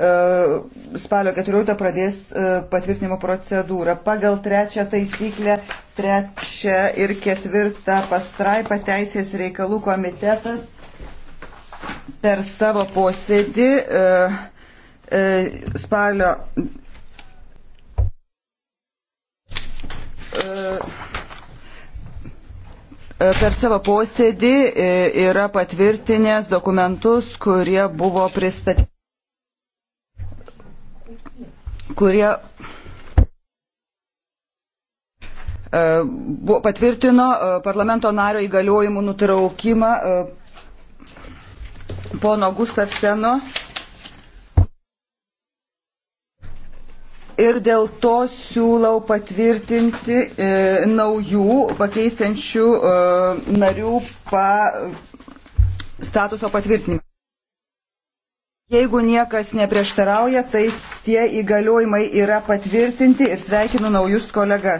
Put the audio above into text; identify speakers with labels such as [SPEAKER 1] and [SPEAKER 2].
[SPEAKER 1] E, spalio 14 pradės e, patvirtinimo procedūrą. Pagal trečią taisyklę, trečią ir ketvirtą pastraipą Teisės reikalų komitetas per savo posėdį e, spalio per savo posėdį yra patvirtinęs dokumentus, kurie buvo pristatyti kurie e, patvirtino e, parlamento nario įgaliojimų nutraukimą e, pono Gustafseno. Ir dėl to siūlau patvirtinti e, naujų pakeisiančių e, narių pa, statuso patvirtinimą. Jeigu niekas neprieštarauja, tai tie įgaliojimai yra patvirtinti ir sveikinu naujus kolegas.